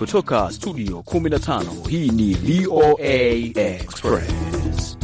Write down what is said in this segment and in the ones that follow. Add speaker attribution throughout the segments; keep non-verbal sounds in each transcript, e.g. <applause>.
Speaker 1: Kutoka studio 15 hii ni VOA Express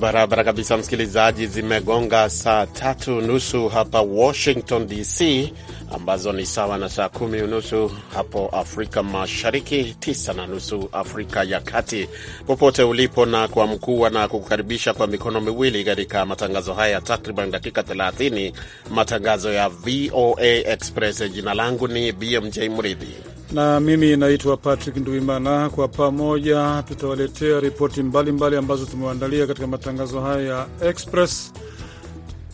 Speaker 1: barabara kabisa, msikilizaji. Zimegonga saa tatu nusu hapa Washington DC, ambazo ni sawa na saa kumi unusu hapo Afrika Mashariki, tisa na nusu Afrika ya Kati. Popote ulipo na kwa mkuu na kukukaribisha kwa mikono miwili katika matangazo haya ya takriban dakika 30, matangazo ya VOA Express. Jina langu ni BMJ Mridhi
Speaker 2: na mimi naitwa Patrick Nduimana. Kwa pamoja tutawaletea ripoti mbalimbali ambazo tumewaandalia katika matangazo haya ya Express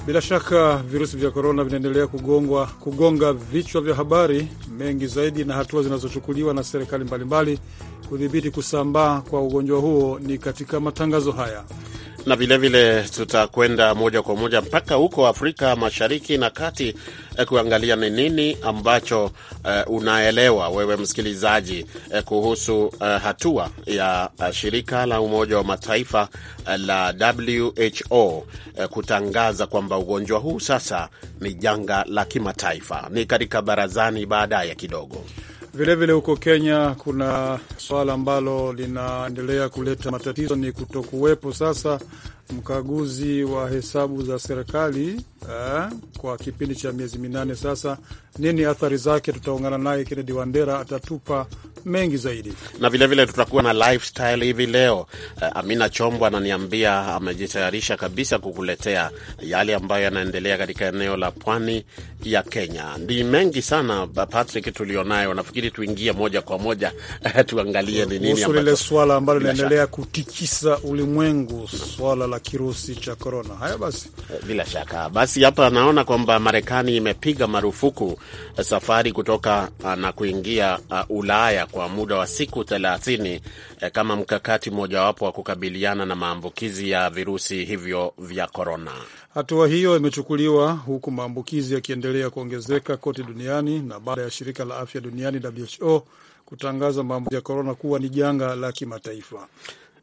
Speaker 2: bila shaka virusi vya korona vinaendelea kugongwa kugonga vichwa vya habari mengi zaidi, na hatua zinazochukuliwa na serikali mbalimbali kudhibiti kusambaa kwa ugonjwa huo ni katika matangazo haya
Speaker 1: na vilevile tutakwenda moja kwa moja mpaka huko Afrika Mashariki na Kati eh, kuangalia ni nini ambacho eh, unaelewa wewe msikilizaji eh, kuhusu eh, hatua ya eh, shirika la Umoja wa Mataifa eh, la WHO eh, kutangaza kwamba ugonjwa huu sasa ni janga la kimataifa. Ni katika barazani baadaye kidogo.
Speaker 2: Vilevile huko Kenya kuna swala ambalo linaendelea kuleta matatizo, ni kutokuwepo sasa mkaguzi wa hesabu za serikali eh, kwa kipindi cha miezi minane sasa. Nini athari zake? Tutaungana naye Kennedy Wandera, atatupa mengi zaidi,
Speaker 1: na vilevile tutakuwa na lifestyle hivi leo. Eh, Amina Chombo ananiambia amejitayarisha kabisa kukuletea yale ambayo yanaendelea katika eneo la pwani ya Kenya. Ni mengi sana Patrick tulionayo, nafikiri tuingie moja kwa moja <laughs> tuangalie ni nini lile swala
Speaker 2: ambalo linaendelea kutikisa ulimwengu, swala la kirusi cha korona. Haya basi,
Speaker 1: bila shaka basi, hapa naona kwamba Marekani imepiga marufuku safari kutoka ah, na kuingia ah, Ulaya kwa muda wa siku thelathini eh, kama mkakati mmojawapo wa kukabiliana na maambukizi ya virusi hivyo vya
Speaker 2: korona. Hatua hiyo imechukuliwa huku maambukizi yakiendelea kuongezeka kote duniani na baada ya shirika la afya duniani WHO kutangaza maambukizi ya korona kuwa ni janga la kimataifa.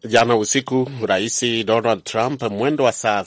Speaker 1: Jana usiku Rais Donald Trump mwendo wa saa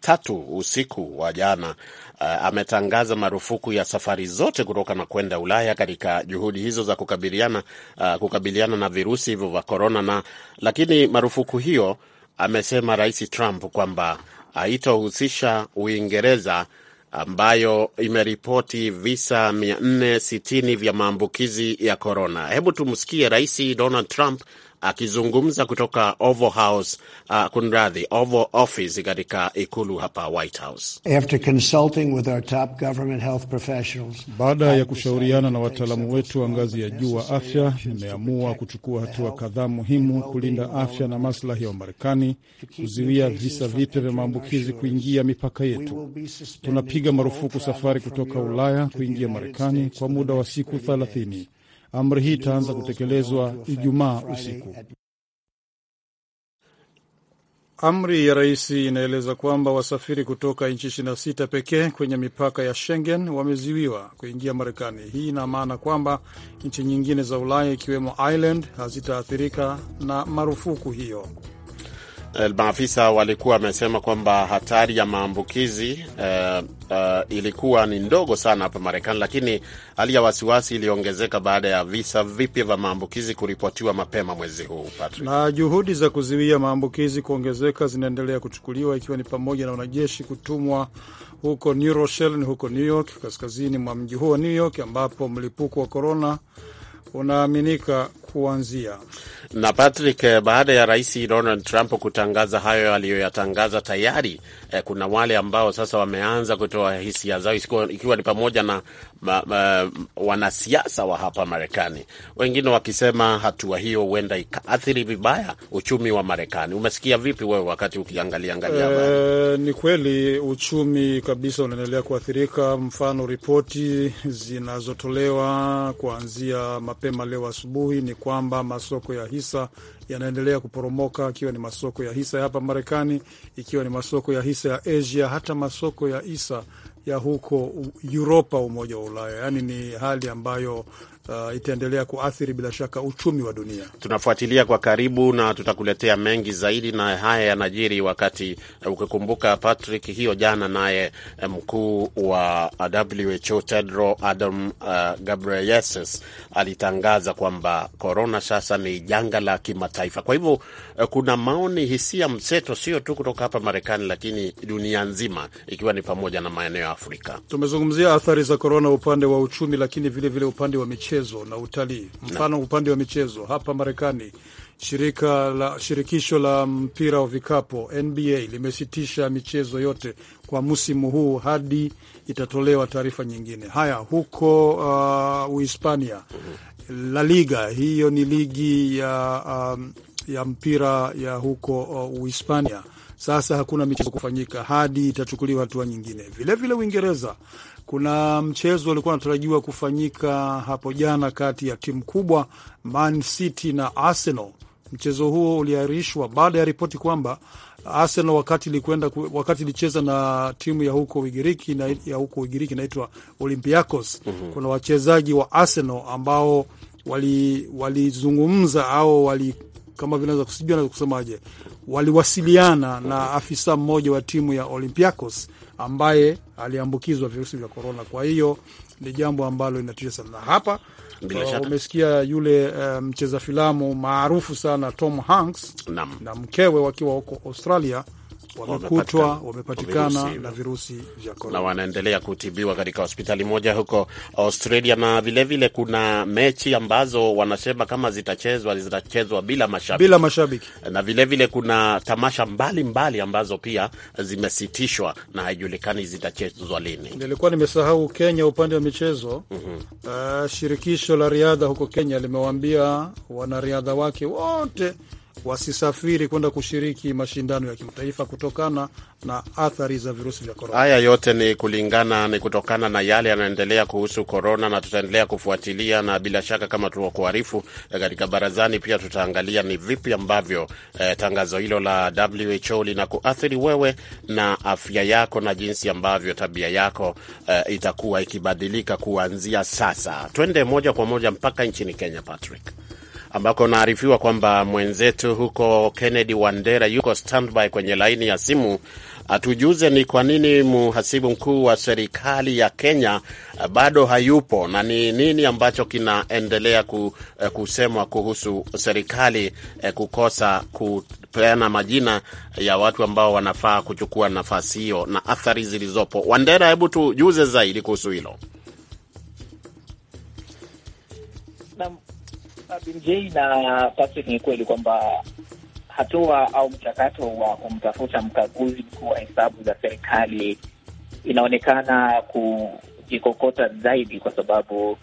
Speaker 1: tatu usiku wa jana uh, ametangaza marufuku ya safari zote kutoka na kwenda Ulaya katika juhudi hizo za kukabiliana, uh, kukabiliana na virusi hivyo vya korona, na lakini marufuku hiyo amesema Rais Trump kwamba haitohusisha Uingereza ambayo imeripoti visa 460 vya maambukizi ya korona. Hebu tumsikie Rais Donald Trump akizungumza kutoka Oval House, uh, kunradhi, Oval Office katika ikulu hapa White House.
Speaker 3: After consulting with our top government health professionals,
Speaker 2: baada ya kushauriana na wataalamu wetu wa ngazi ya juu wa afya, nimeamua kuchukua hatua kadhaa muhimu kulinda afya na maslahi ya Wamarekani, kuzuia visa vipya vya maambukizi kuingia mipaka yetu. Tunapiga marufuku safari kutoka Ulaya kuingia Marekani kwa muda wa siku thelathini. Amri hii itaanza kutekelezwa Ijumaa usiku. Amri ya rais inaeleza kwamba wasafiri kutoka nchi 26 pekee kwenye mipaka ya Schengen wameziwiwa kuingia Marekani. Hii ina maana kwamba nchi nyingine za Ulaya ikiwemo Ireland hazitaathirika na marufuku hiyo.
Speaker 1: Eh, maafisa walikuwa wamesema kwamba hatari ya maambukizi eh, eh, ilikuwa ni ndogo sana hapa Marekani, lakini hali ya wasiwasi iliongezeka baada ya visa vipya vya maambukizi kuripotiwa mapema mwezi huu
Speaker 2: Patrick. Na juhudi za kuzuia maambukizi kuongezeka zinaendelea kuchukuliwa ikiwa ni pamoja na wanajeshi kutumwa huko New Rochelle, huko New York, kaskazini mwa mji huo New York ambapo mlipuko wa korona unaaminika kuanzia.
Speaker 1: Na Patrick, eh, baada ya Rais Donald Trump kutangaza hayo aliyoyatangaza tayari, eh, kuna wale ambao sasa wameanza kutoa hisia zao, ikiwa ni pamoja na ma, ma, wanasiasa wa hapa Marekani, wengine wakisema hatua hiyo huenda ikaathiri vibaya uchumi wa Marekani. Umesikia vipi wewe wakati ukiangalia angalia?
Speaker 2: Eh, ni kweli uchumi kabisa unaendelea kuathirika. Mfano, ripoti zinazotolewa kuanzia mapema leo asubuhi ni kwamba masoko ya hisa yanaendelea kuporomoka, ikiwa ni masoko ya hisa ya hapa Marekani, ikiwa ni masoko ya hisa ya Asia, hata masoko ya hisa ya huko Uropa, Umoja wa Ulaya. Yaani ni hali ambayo uh, itaendelea kuathiri bila shaka uchumi wa dunia.
Speaker 1: Tunafuatilia kwa karibu na tutakuletea mengi zaidi, na haya yanajiri wakati uh, ukikumbuka, Patrick, hiyo jana naye uh, mkuu wa WHO Tedros Adhanom uh, Ghebreyesus alitangaza kwamba korona sasa ni janga la kimataifa. Kwa hivyo uh, kuna maoni, hisia mseto, sio tu kutoka hapa Marekani, lakini dunia nzima, ikiwa ni pamoja na maeneo ya Afrika.
Speaker 2: Tumezungumzia athari za korona upande wa uchumi, lakini vilevile vile upande wa michezo michezo na utalii. Mfano, upande wa michezo hapa Marekani, shirika la shirikisho la mpira wa vikapo NBA limesitisha michezo yote kwa msimu huu hadi itatolewa taarifa nyingine. Haya, huko uh, Uhispania, mhm. La Liga, hiyo ni ligi ya um, ya mpira ya huko uh, Uhispania. Sasa hakuna michezo kufanyika hadi itachukuliwa hatua nyingine. Vilevile Uingereza vile kuna mchezo ulikuwa unatarajiwa kufanyika hapo jana kati ya timu kubwa Man City na Arsenal. Mchezo huo uliahirishwa baada ya ripoti kwamba Arsenal wakati ilikwenda wakati ilicheza na timu ya huko Ugiriki na ya huko Ugiriki inaitwa Olympiacos. mm -hmm. Kuna wachezaji wa Arsenal ambao walizungumza wali au kama vile kusijua anaweza kusemaje, waliwasiliana na afisa mmoja wa timu ya Olympiacos ambaye aliambukizwa virusi vya korona. Kwa hiyo ni jambo ambalo linatisha sana, na hapa uh, umesikia yule uh, mcheza um, filamu maarufu sana Tom Hanks na, na mkewe wakiwa huko Australia
Speaker 1: wamekutwa wamepatikana na
Speaker 2: virusi vya
Speaker 1: korona na wanaendelea kutibiwa katika hospitali moja huko Australia. Na vilevile vile kuna mechi ambazo wanasema kama zitachezwa zitachezwa bila mashabiki, bila mashabiki. Na vilevile vile kuna tamasha mbalimbali mbali ambazo pia zimesitishwa na haijulikani zitachezwa lini.
Speaker 2: Nilikuwa nimesahau Kenya upande wa michezo. mm -hmm. Uh, shirikisho la riadha huko Kenya limewaambia wanariadha wake wote wasisafiri kwenda kushiriki mashindano ya kimataifa kutokana na athari za virusi vya
Speaker 1: korona. Haya yote ni kulingana, ni kutokana na yale yanaendelea kuhusu korona, na tutaendelea kufuatilia, na bila shaka kama tulivyokuarifu eh, katika barazani, pia tutaangalia ni vipi ambavyo eh, tangazo hilo la WHO lina kuathiri wewe na afya yako na jinsi ambavyo tabia yako eh, itakuwa ikibadilika kuanzia sasa. Twende moja kwa moja mpaka nchini Kenya, Patrick ambako naarifiwa kwamba mwenzetu huko Kennedy Wandera yuko standby kwenye laini ya simu atujuze ni kwa nini mhasibu mkuu wa serikali ya Kenya eh, bado hayupo na ni nini ambacho kinaendelea eh, kusemwa kuhusu serikali eh, kukosa kupeana majina ya watu ambao wanafaa kuchukua nafasi hiyo na athari zilizopo. Wandera, hebu tujuze zaidi kuhusu hilo.
Speaker 4: BMJ na Patrick, ni kweli kwamba hatua au mchakato wa kumtafuta mkaguzi mkuu wa hesabu za serikali inaonekana kujikokota zaidi, kwa sababu uh,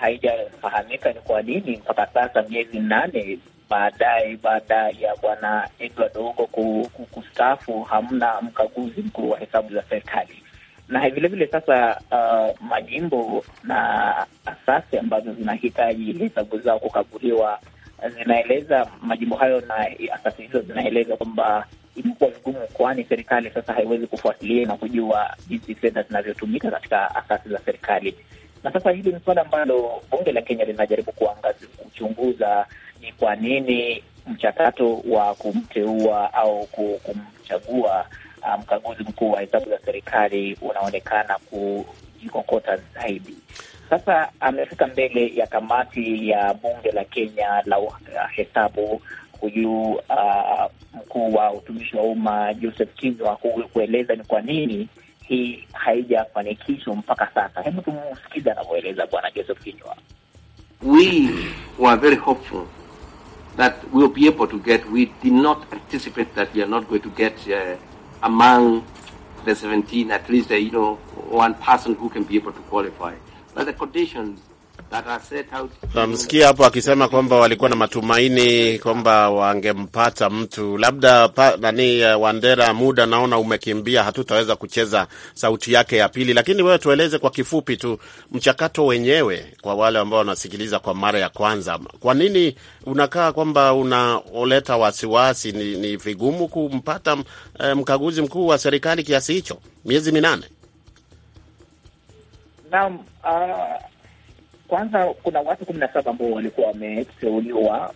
Speaker 4: haijafahamika ni kwa nini mpaka sasa, miezi nane baadaye, baada ya bwana Edward Ogo kustafu hamna mkaguzi mkuu wa hesabu za serikali na vile vile sasa, uh, majimbo na asasi ambazo zinahitaji hesabu zao kukaguliwa zinaeleza majimbo hayo na asasi hizo zinaeleza kwamba imekuwa vigumu, kwani serikali sasa haiwezi kufuatilia na kujua jinsi fedha zinavyotumika katika asasi za serikali. Na sasa hili ni suala ambalo bunge la Kenya linajaribu kuangazi kuchunguza ni kwa nini mchakato wa kumteua au kumchagua Ah, mkaguzi um, mkuu wa hesabu za serikali unaonekana kujikokota zaidi. Sasa amefika mbele ya kamati ya bunge la Kenya la ah, hesabu huyu uh, mkuu wa utumishi wa umma Joseph Kinyua kueleza ni kwa nini hii haijafanikishwa mpaka sasa. Hebu tumsikiza anavyoeleza
Speaker 1: Bwana Joseph Kinyua. We were very hopeful that we'll be able to get, we did not anticipate that we are not going to get uh, among the 17, at least, uh, you know, one person who can be able to qualify. But the conditions Namsikia hapo akisema kwamba walikuwa na matumaini kwamba wangempata mtu labda pa, nani eh, Wandera, muda naona umekimbia, hatutaweza kucheza sauti yake ya pili, lakini wewe tueleze kwa kifupi tu mchakato wenyewe kwa wale ambao wanasikiliza kwa mara ya kwanza. Kwa nini unakaa kwamba unaoleta wasiwasi? Ni, ni vigumu kumpata eh, mkaguzi mkuu wa serikali kiasi hicho, miezi minane?
Speaker 4: Naam, uh... Kwanza kuna watu kumi na saba ambao walikuwa wameteuliwa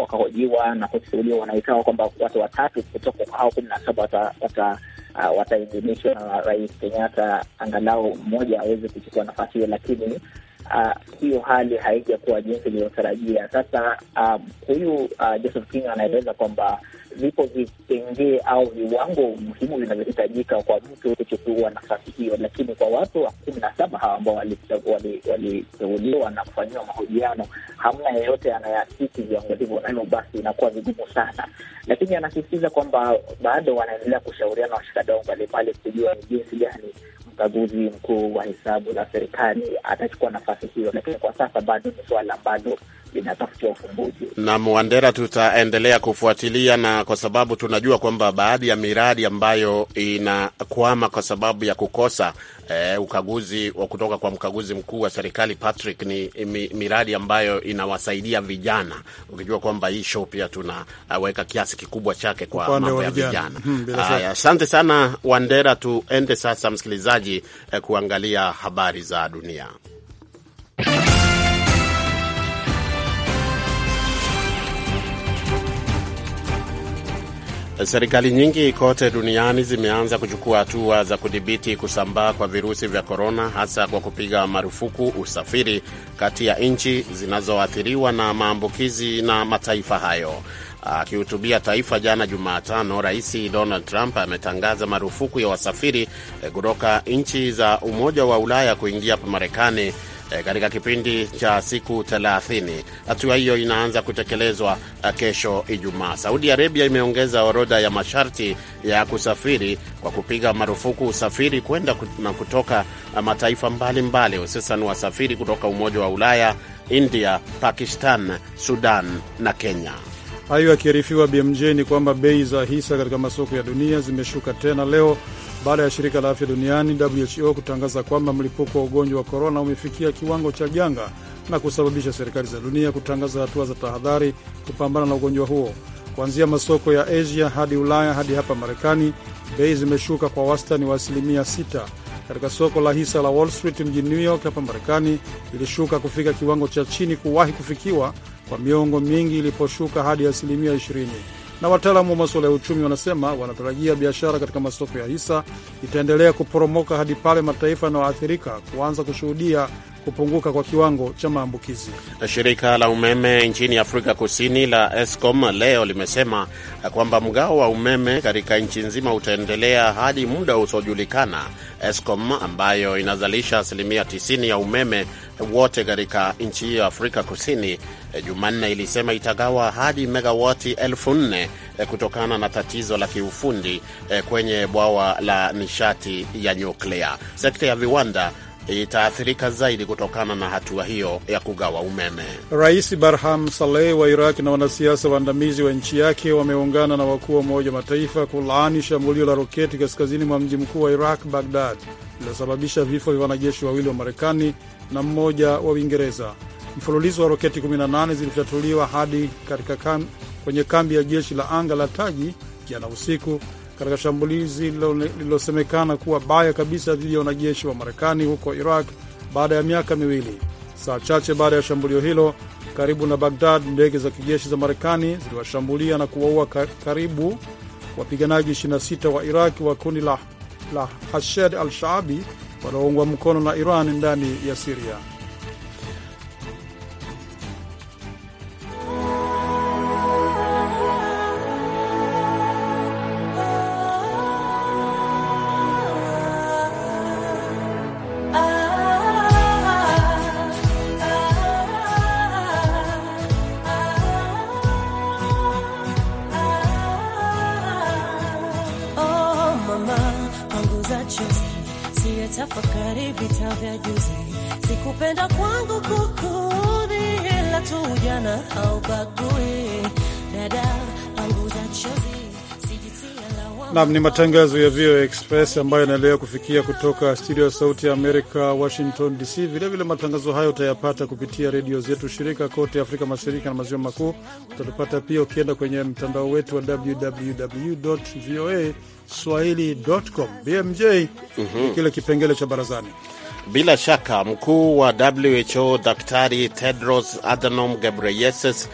Speaker 4: wakahojiwa na kuteuliwa, wanaikawa kwamba watu watatu kutoka hao kumi na saba wata, wata Uh, wataidhinishwa na Rais Kenyatta angalau mmoja aweze kuchukua nafasi hiyo, lakini uh, hiyo hali haijakuwa jinsi iliyotarajia. Sasa um, huyu uh, Joseph King anaeleza kwamba vipo vipengee au viwango muhimu vinavyohitajika kwa mtu kuchukua nafasi hiyo, lakini kwa watu wa kumi na saba hawa ambao waliteuliwa na kufanyiwa mahojiano, hamna yeyote anayasisi viwango hivyo, nalo basi inakuwa vigumu sana. Lakini anasisitiza kwamba bado wanaendelea kushauriana washikadau mbalimbali kujua ni jinsi gani mkaguzi mkuu wa hesabu za serikali atachukua nafasi hiyo, lakini kwa sasa bado ni suala ambalo inatafutia ufumbuzi.
Speaker 1: Na Mwandera, tutaendelea kufuatilia, na kwa sababu tunajua kwamba baadhi ya miradi ambayo inakwama kwa sababu ya kukosa eh, ukaguzi wa kutoka kwa mkaguzi mkuu wa serikali Patrick, ni mi, miradi ambayo inawasaidia vijana, ukijua kwamba hii show pia tunaweka kiasi kikubwa chake kwa mambo ya vijana. Hmm, asante hmm, sana Wandera, tuende sasa msikilizaji eh, kuangalia habari za dunia. Serikali nyingi kote duniani zimeanza kuchukua hatua za kudhibiti kusambaa kwa virusi vya korona, hasa kwa kupiga marufuku usafiri kati ya nchi zinazoathiriwa na maambukizi na mataifa hayo. Akihutubia taifa jana Jumatano, Rais Donald Trump ametangaza marufuku ya wasafiri eh, kutoka nchi za Umoja wa Ulaya kuingia hapa Marekani e, katika kipindi cha siku 30. Hatua hiyo inaanza kutekelezwa eh, kesho Ijumaa. Saudi Arabia imeongeza orodha ya masharti ya kusafiri kwa kupiga marufuku usafiri kwenda na kutoka eh, mataifa mbalimbali, hususan wasafiri kutoka Umoja wa Ulaya, India, Pakistan, Sudan na Kenya.
Speaker 2: Hayo akiarifiwa BMJ ni kwamba bei za hisa katika masoko ya dunia zimeshuka tena leo baada ya shirika la afya duniani WHO kutangaza kwamba mlipuko wa ugonjwa wa korona umefikia kiwango cha janga na kusababisha serikali za dunia kutangaza hatua za tahadhari kupambana na ugonjwa huo. Kuanzia masoko ya Asia hadi Ulaya hadi hapa Marekani, bei zimeshuka kwa wastani wa asilimia 6. Katika soko la hisa la Wall Street mjini New York hapa Marekani, ilishuka kufika kiwango cha chini kuwahi kufikiwa kwa miongo mingi iliposhuka hadi asilimia 20 na wataalamu wa masuala ya uchumi wanasema wanatarajia biashara katika masoko ya hisa itaendelea kuporomoka hadi pale mataifa yanayoathirika kuanza kushuhudia kupunguka kwa kiwango cha maambukizi.
Speaker 1: Shirika la umeme nchini Afrika Kusini la Eskom leo limesema kwamba mgao wa umeme katika nchi nzima utaendelea hadi muda usiojulikana. Eskom ambayo inazalisha asilimia 90 ya umeme wote katika nchi hiyo Afrika Kusini, Jumanne ilisema itagawa hadi megawati elfu nne eh, kutokana na tatizo la kiufundi eh, kwenye bwawa la nishati ya nyuklia. Sekta ya viwanda itaathirika zaidi kutokana na hatua hiyo ya kugawa umeme.
Speaker 2: Rais Barham Saleh wa Iraq na wanasiasa waandamizi wa nchi yake wameungana na wakuu wa Umoja wa Mataifa kulaani shambulio la roketi kaskazini mwa mji mkuu wa Iraq, Bagdad, lililosababisha vifo vya wanajeshi wawili wa Marekani na mmoja wa Uingereza. Mfululizo wa roketi 18 zilifyatuliwa hadi katika kam, kwenye kambi ya jeshi la anga la Taji jana usiku katika shambulizi lililosemekana kuwa baya kabisa dhidi ya wanajeshi wa Marekani huko Iraq baada ya miaka miwili. Saa chache baada ya shambulio hilo karibu na Bagdad, ndege za kijeshi za Marekani ziliwashambulia na kuwaua karibu wapiganaji 26 wa Iraq wa kundi la, la Hashed al-Shaabi wanaoungwa mkono na Iran ndani ya Siria.
Speaker 3: tafakari vita vya juzi, sikupenda kwangu kukudhi, ila tu ujana haubagui, dada panguza chozi
Speaker 2: Nam ni matangazo ya VOA Express ambayo yanaendelea kufikia kutoka studio ya Sauti ya Amerika, Washington DC. Vilevile matangazo hayo utayapata kupitia redio zetu shirika kote Afrika Mashariki na Maziwa Makuu. Utatupata pia ukienda kwenye mtandao wetu wa www voa swahili.com. BMJ mm -hmm. Kile kipengele cha barazani
Speaker 1: bila shaka mkuu wa WHO Daktari Tedros Adhanom Ghebreyesus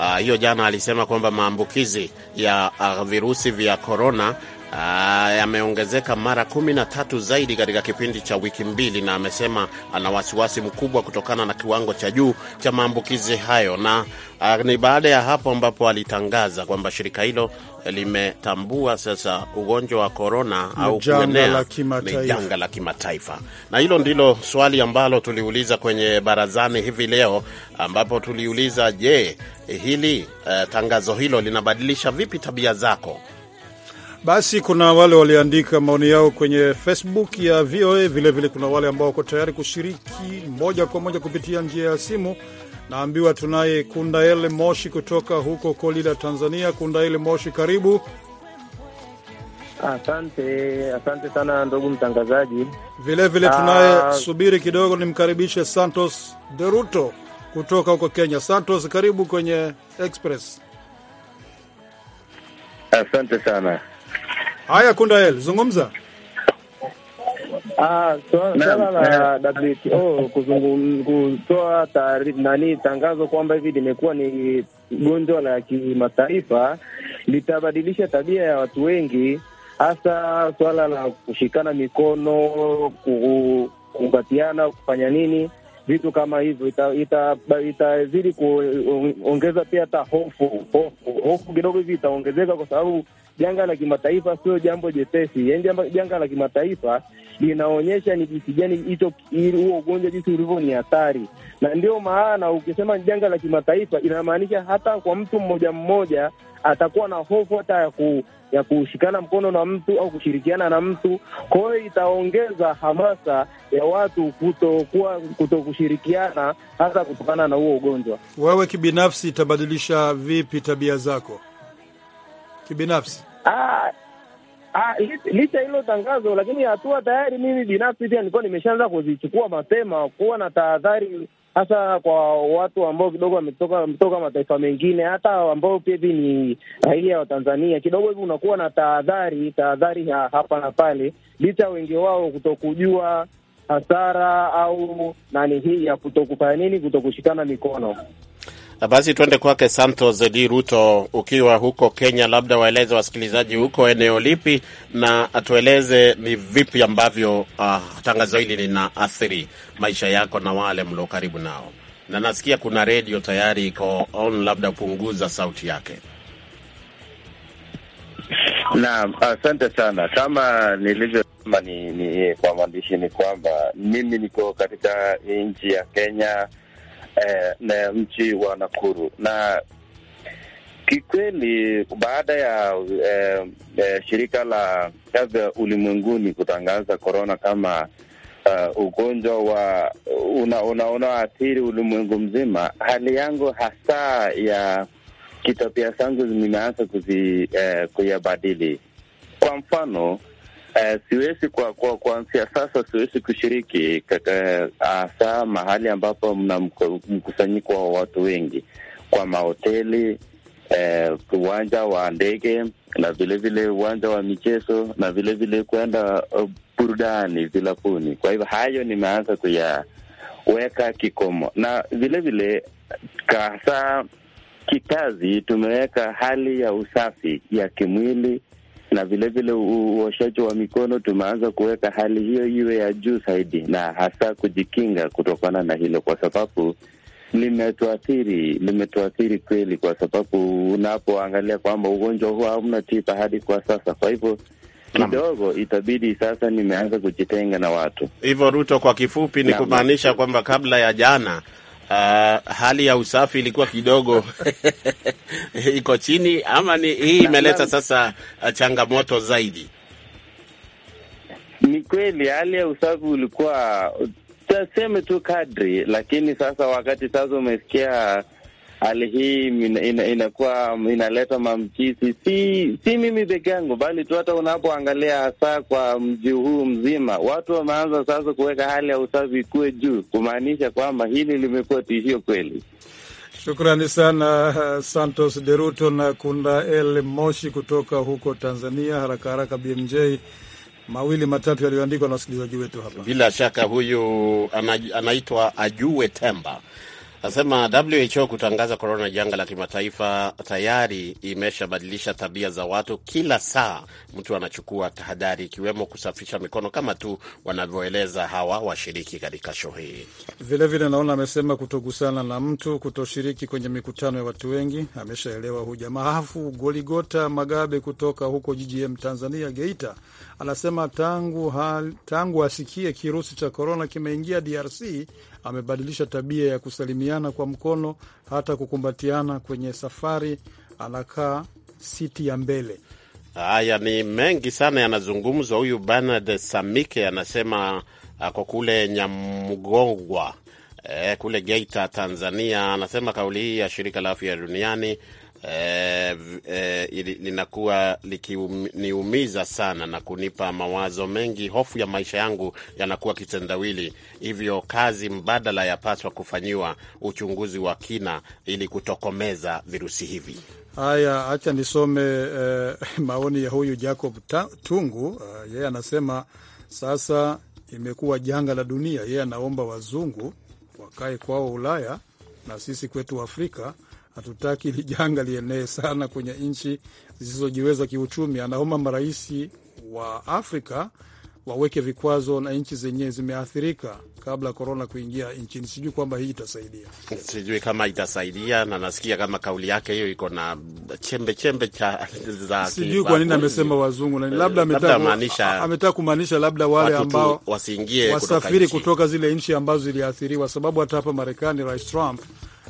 Speaker 1: Ah, hiyo uh, jana alisema kwamba maambukizi ya uh, virusi vya korona Ah, yameongezeka mara kumi na tatu zaidi katika kipindi cha wiki mbili, na amesema ana wasiwasi mkubwa kutokana na kiwango cha juu cha maambukizi hayo, na ah, ni baada ya hapo ambapo alitangaza kwamba shirika hilo limetambua sasa ugonjwa wa korona au kuenea ni janga la kimataifa. Na hilo ndilo swali ambalo tuliuliza kwenye barazani hivi leo, ambapo tuliuliza je, hili uh, tangazo hilo linabadilisha vipi tabia zako?
Speaker 2: Basi kuna wale waliandika maoni yao kwenye Facebook ya VOA, vilevile vile kuna wale ambao wako tayari kushiriki moja kwa moja kupitia njia ya simu. Naambiwa tunaye Kundaele Moshi kutoka huko Kolila, Tanzania. Kundaele Moshi, karibu.
Speaker 3: Asante,
Speaker 2: asante sana ndugu mtangazaji.
Speaker 3: Vilevile ah, tunaye
Speaker 2: subiri kidogo, nimkaribishe Santos Deruto kutoka huko Kenya. Santos, karibu kwenye Express.
Speaker 5: Asante sana.
Speaker 2: Haya, Kundael, zungumza. Ah, swala la WHO kutoa
Speaker 3: nani tangazo kwamba hivi limekuwa ni gonjwa la kimataifa litabadilisha tabia ya watu wengi, hasa swala la kushikana mikono, kukumbatiana, kufanya nini, vitu kama hivyo itazidi ita, kuongeza pia hata hofu hofu kidogo hivi itaongezeka kwa sababu janga la kimataifa sio jambo jepesi, yaani janga la kimataifa linaonyesha ni jinsi gani hicho huo ugonjwa jinsi ulivyo ni hatari, na ndio maana ukisema janga la kimataifa inamaanisha hata kwa mtu mmoja mmoja atakuwa na hofu hata ya ku ya kushikana mkono na mtu au kushirikiana na mtu. Kwa hiyo itaongeza hamasa ya watu kutokuwa kutokushirikiana hasa kutokana na huo ugonjwa.
Speaker 2: Wewe kibinafsi itabadilisha vipi tabia zako kibinafsi?
Speaker 3: Ah, ah, licha hilo tangazo, lakini hatua tayari mimi binafsi pia nilikuwa nimeshaanza kuzichukua mapema, kuwa na tahadhari hasa kwa watu ambao kidogo wametoka mataifa mengine, hata ambao pia hivi ni raia wa Tanzania, kidogo hivi unakuwa na tahadhari tahadhari hapa na pale, licha wengi wao kutokujua hasara au nani hii ya kutokufanya nini kutokushikana mikono.
Speaker 1: Basi tuende kwake Santos D. Ruto, ukiwa huko Kenya, labda waeleze wasikilizaji huko eneo lipi, na atueleze ni vipi ambavyo uh, tangazo hili linaathiri maisha yako na wale mlio karibu nao, na nasikia kuna redio tayari iko on, labda punguza sauti yake.
Speaker 5: Naam, asante sana. Kama nilivyosema ni, ni kwa mwandishi ni kwamba mimi niko katika nchi ya Kenya eh, na mji wa Nakuru na kikweli baada ya eh, eh, shirika la afya ulimwenguni kutangaza korona kama uh, ugonjwa wa unaoathiri una, ulimwengu mzima, hali yangu hasa ya kitabia zangu zimeanza eh, kuyabadili. Kwa mfano Uh, siwezi kwa kuanzia sasa siwezi kushiriki hasa eh, mahali ambapo mna mkusanyiko wa watu wengi, kwa mahoteli eh, uwanja uh, wa ndege na vilevile uwanja wa michezo na vilevile kwenda uh, burudani vilapuni. Kwa hivyo hayo nimeanza kuyaweka kikomo, na vilevile hasa kikazi tumeweka hali ya usafi ya kimwili na vilevile uoshaji wa mikono tumeanza kuweka hali hiyo iwe ya juu zaidi, na hasa kujikinga kutokana na hilo, kwa sababu limetuathiri limetuathiri kweli, kwa sababu unapoangalia kwamba ugonjwa huo hamna tiba hadi kwa sasa. Kwa hivyo kidogo itabidi sasa nimeanza kujitenga na watu
Speaker 1: hivyo. Ruto, kwa kifupi ni kumaanisha kwamba kabla ya jana Uh, hali ya usafi ilikuwa kidogo <laughs> iko chini ama ni hii imeleta sasa ah, changamoto zaidi?
Speaker 5: Ni kweli hali ya usafi ulikuwa tuseme tu kadri, lakini sasa wakati sasa umesikia hali hii inakuwa ina, inaleta mamchizi, si si mimi peke yangu, bali tu hata unapoangalia hasa kwa mji huu mzima, watu wameanza sasa kuweka hali ya usafi ikuwe juu, kumaanisha kwamba hili limekuwa tishio kweli.
Speaker 2: Shukrani sana uh, Santos Deruto na Kunda El Moshi kutoka huko Tanzania. Haraka haraka BMJ mawili matatu yaliyoandikwa na wasikilizaji wetu hapa.
Speaker 1: Bila shaka huyu anaitwa Ajue Temba Nasema WHO kutangaza korona janga la kimataifa tayari imeshabadilisha tabia za watu. Kila saa mtu anachukua tahadhari, ikiwemo kusafisha mikono kama tu wanavyoeleza hawa washiriki katika show hii.
Speaker 2: Vilevile naona amesema kutogusana na mtu, kutoshiriki kwenye mikutano ya watu wengi. Ameshaelewa huyu jamaa. Halafu Goligota Magabe kutoka huko GGM Tanzania, Geita, anasema tangu, tangu asikie kirusi cha korona kimeingia DRC amebadilisha tabia ya kusalimiana kwa mkono, hata kukumbatiana kwenye safari. Anakaa siti ya mbele.
Speaker 1: Haya ni mengi sana yanazungumzwa. Huyu Bernard Samike anasema ako ah, kule Nyamgongwa, e, kule Geita, Tanzania. Anasema kauli hii ya shirika la afya duniani eh, eh, linakuwa likiniumiza sana na kunipa mawazo mengi. Hofu ya maisha yangu yanakuwa kitendawili, hivyo kazi mbadala yapaswa kufanyiwa uchunguzi wa kina ili kutokomeza virusi hivi.
Speaker 2: Haya, acha nisome eh, <laughs> maoni ya huyu Jacob Tungu. Uh, yeye anasema sasa imekuwa janga la dunia. Yeye anaomba wazungu wakae kwao Ulaya na sisi kwetu Afrika hatutaki ili janga lienee sana kwenye nchi zisizojiweza kiuchumi. Anaomba marais wa Afrika waweke vikwazo na nchi zenyewe zimeathirika kabla korona kuingia nchini. Sijui kwamba hii itasaidia,
Speaker 1: sijui kama itasaidia, na nasikia kama kauli yake hiyo iko na chembe chembe cha za, sijui kwa nini amesema wazungu, na labda eh,
Speaker 2: ametaka kumaanisha labda wale ambao wasiingie wasafiri kutoka, kutoka zile nchi ambazo ziliathiriwa, sababu hata hapa Marekani Rais Trump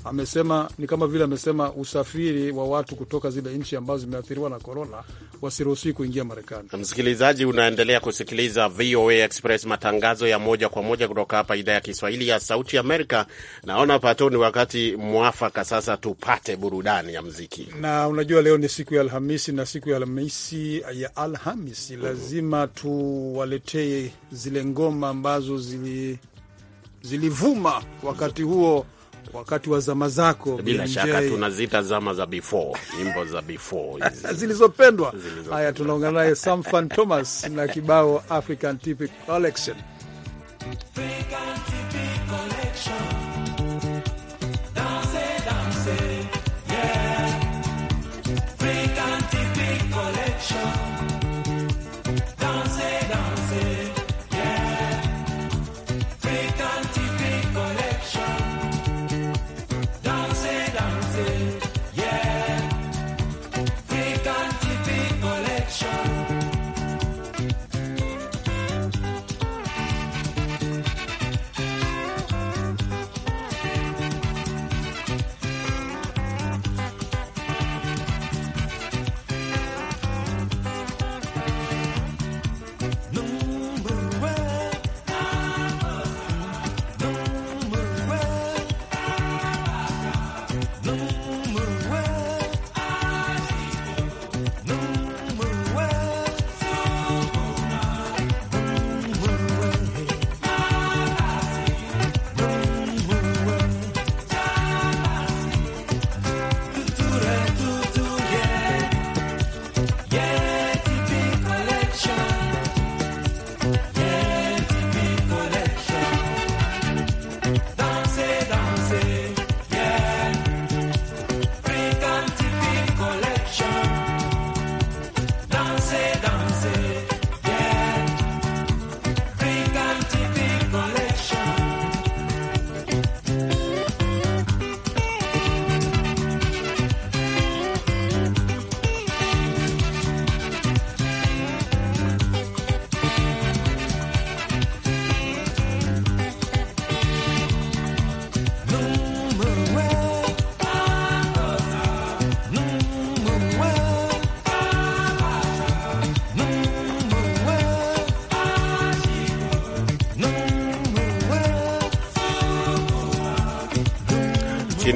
Speaker 2: amesema ni kama vile amesema usafiri wa watu kutoka zile nchi ambazo zimeathiriwa na korona wasiruhusiwi kuingia Marekani.
Speaker 1: Msikilizaji, unaendelea kusikiliza VOA Express, matangazo ya moja kwa moja kutoka hapa idhaa ya Kiswahili ya Sauti Amerika. Naona Pato, ni wakati mwafaka sasa tupate burudani ya mziki,
Speaker 2: na unajua leo ni siku ya Alhamisi na siku ya Alhamisi ya Alhamisi lazima tuwaletee zile ngoma ambazo zili, zilivuma wakati huo wakati wa zama zako. Bila shaka
Speaker 1: tunazita zama za before, nyimbo za
Speaker 2: before <laughs> zilizopendwa. Haya, tunaongana naye Sam Fan Thomas na kibao African Typical Collection.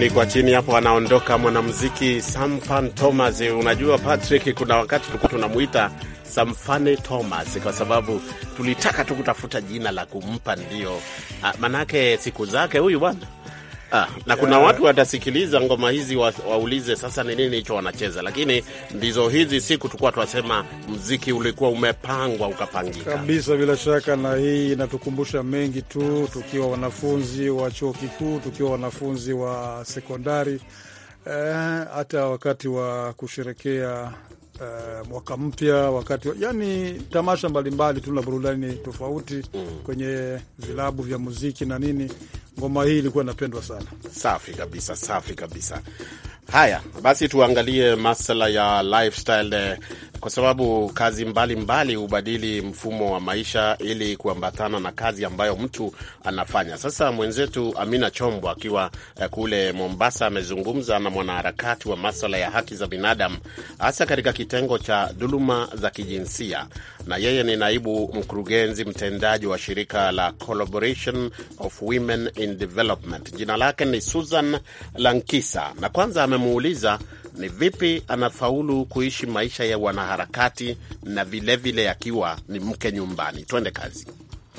Speaker 1: chini kwa chini hapo anaondoka mwanamuziki Samfan Thomas. Unajua Patrick, kuna wakati tulikuwa tunamuita Samfane Thomas kwa sababu tulitaka tu kutafuta jina la kumpa, ndio ah, manake siku zake huyu bwana Ah, na kuna yeah, watu watasikiliza ngoma hizi wa, waulize sasa ni nini hicho wanacheza, lakini ndizo hizi siku tukuwa tunasema mziki ulikuwa umepangwa ukapangika
Speaker 2: kabisa, bila shaka. Na hii inatukumbusha mengi tu, tukiwa wanafunzi wa chuo kikuu, tukiwa wanafunzi wa sekondari eh, hata eh, wakati wa kusherekea uh, mwaka mpya, wakati yani tamasha mbalimbali tu na burudani tofauti mm. kwenye vilabu vya muziki na nini. Ngoma hii ilikuwa inapendwa sana.
Speaker 1: Safi kabisa, safi kabisa. Haya basi, tuangalie masala ya lifestyle eh, kwa sababu kazi mbalimbali hubadili mbali mfumo wa maisha ili kuambatana na kazi ambayo mtu anafanya. Sasa mwenzetu Amina Chombo akiwa eh, kule Mombasa amezungumza na mwanaharakati wa maswala ya haki za binadamu, hasa katika kitengo cha dhuluma za kijinsia, na yeye ni naibu mkurugenzi mtendaji wa shirika la Collaboration of Women in Development. Jina lake ni Susan Lankisa, na kwanza amemuuliza ni vipi anafaulu kuishi maisha ya wanaharakati na vilevile akiwa ni mke nyumbani. Twende kazi.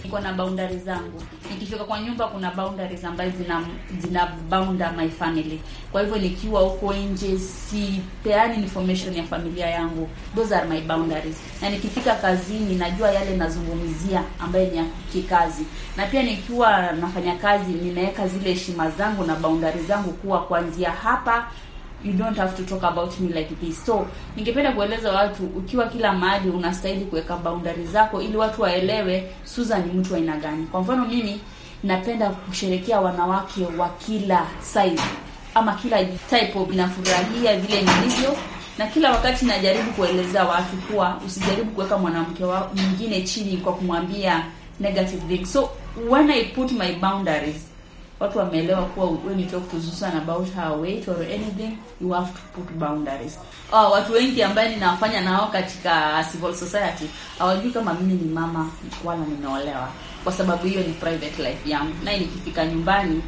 Speaker 6: Niko na boundary zangu. Nikifika kwa nyumba, kuna boundaries ambazo zina zina bounda my family. Kwa hivyo nikiwa huko nje, si peani information ya familia yangu. Those are my boundaries. Na nikifika kazini, najua yale nazungumzia ambayo ni ya kikazi, na pia nikiwa nafanya kazi, ninaweka zile heshima zangu na boundary zangu kuwa kuanzia hapa you don't have to talk about me like this. So ningependa kueleza watu, ukiwa kila mahali unastahili kuweka boundaries zako ili watu waelewe Susan ni mtu aina gani. Kwa mfano mimi napenda kusherekea wanawake wa kila size ama kila type of, nafurahia vile nilivyo na kila wakati najaribu kueleza watu kuwa usijaribu kuweka mwanamke mwingine chini kwa kumwambia negative things. So when I put my boundaries watu wameelewa kuwa when you talk to Susan about her weight or anything you have to put boundaries. Oh, watu wengi ambaye ninawafanya nao katika civil society hawajui kama mimi ni mama wala nimeolewa, kwa sababu hiyo ni private life yangu, na nikifika nyumbani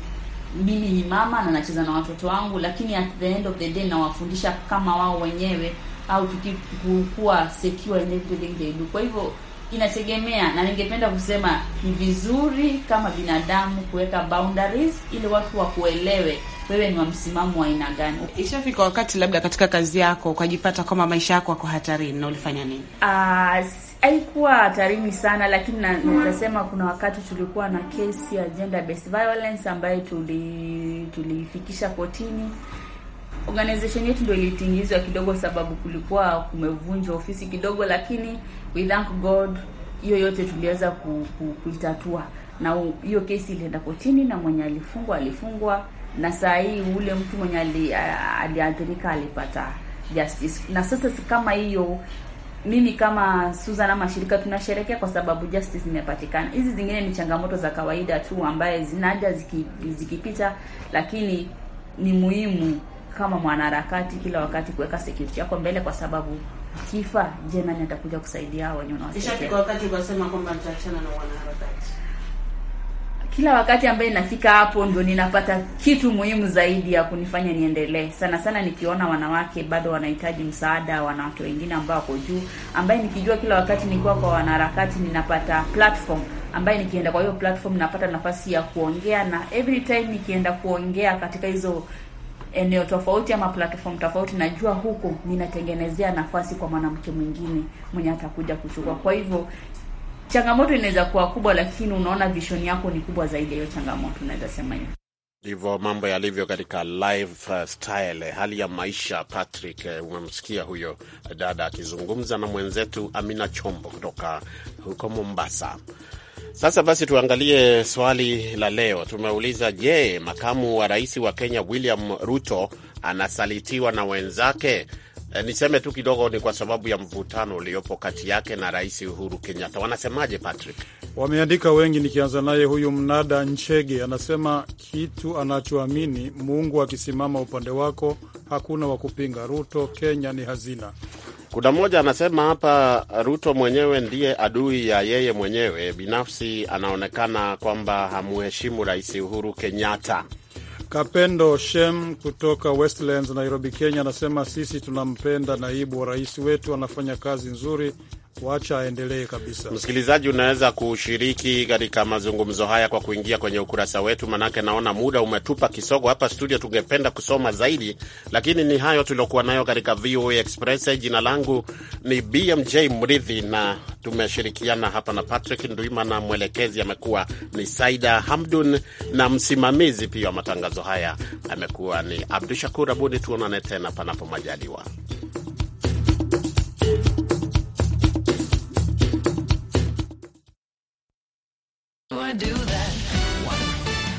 Speaker 6: mimi ni mama na nacheza na watoto wangu, lakini at the end of the day nawafundisha kama wao wenyewe au tukikuwa secure in everything they do. Kwa hivyo inategemea, na ningependa kusema ni vizuri kama binadamu kuweka boundaries ili watu wakuelewe wewe ni wa msimamo wa aina gani. Ishafika wakati labda katika kazi yako ukajipata kwamba maisha yako yako hatarini, na ulifanya nini? Uh, haikuwa hatarini sana, lakini nitasema mm -hmm. Kuna wakati tulikuwa na kesi ya gender based violence ambayo tuli tulifikisha kotini. Organization yetu ndio ilitingizwa kidogo, sababu kulikuwa kumevunjwa ofisi kidogo, lakini we thank God hiyo yote tuliweza ku, ku, kuitatua na hiyo kesi ilienda kotini na mwenye alifungwa alifungwa, na saa hii ule mtu mwenye aliathirika alipata justice. Na sasa kama hiyo mimi kama Susan ama shirika tunasherekea kwa sababu justice imepatikana. Hizi zingine ni changamoto za kawaida tu ambaye zinaja ziki, zikipita, lakini ni muhimu kama mwanaharakati kila wakati kuweka security yako mbele, kwa sababu kifa, je, nani atakuja kusaidia hao wenye unawatetea? wakati ukasema kwamba na wanaharakati. Kila wakati ambaye nafika hapo ndio ninapata kitu muhimu zaidi ya kunifanya niendelee. Sana sana nikiona wanawake bado wanahitaji msaada, wanawake wengine ambao wako juu, ambaye nikijua kila wakati nikiwa kwa wanaharakati ninapata platform ambaye nikienda kwa hiyo platform napata nafasi ya kuongea, na every time nikienda kuongea katika hizo eneo tofauti ama platform tofauti, najua huku ninatengenezea nafasi kwa mwanamke mwingine mwenye atakuja kuchukua. Kwa hivyo changamoto inaweza kuwa kubwa, lakini unaona vision yako ni kubwa zaidi ya hiyo changamoto, unaweza sema hivyo.
Speaker 1: Ndivyo mambo yalivyo katika lifestyle, uh, eh, hali ya maisha. Patrick, eh, umemsikia huyo dada akizungumza na mwenzetu Amina Chombo kutoka huko Mombasa. Sasa basi tuangalie swali la leo. Tumeuliza, je, makamu wa rais wa Kenya William Ruto anasalitiwa na wenzake? E, niseme tu kidogo ni kwa sababu ya mvutano uliopo kati yake na Rais Uhuru Kenyatta. Wanasemaje Patrick?
Speaker 2: Wameandika wengi, nikianza naye huyu Mnada Nchege anasema kitu anachoamini, Mungu akisimama upande wako hakuna wa kupinga. Ruto Kenya ni hazina
Speaker 1: kuna mmoja anasema hapa, Ruto mwenyewe ndiye adui ya yeye mwenyewe binafsi. Anaonekana kwamba hamuheshimu Rais Uhuru Kenyatta.
Speaker 2: Kapendo Shem kutoka Westlands, Nairobi, Kenya, anasema sisi tunampenda naibu wa rais wetu, anafanya kazi nzuri Wacha aendelee kabisa.
Speaker 1: Msikilizaji, unaweza kushiriki katika mazungumzo haya kwa kuingia kwenye ukurasa wetu, manake naona muda umetupa kisogo hapa studio. Tungependa kusoma zaidi, lakini ni hayo tuliokuwa nayo katika VOA Express. Jina langu ni BMJ Mridhi na tumeshirikiana hapa na Patrick Ndwima na mwelekezi amekuwa ni Saida Hamdun na msimamizi pia wa matangazo haya amekuwa ni Abdu Shakur Abudi. Tuonane tena panapo majaliwa. do I do that?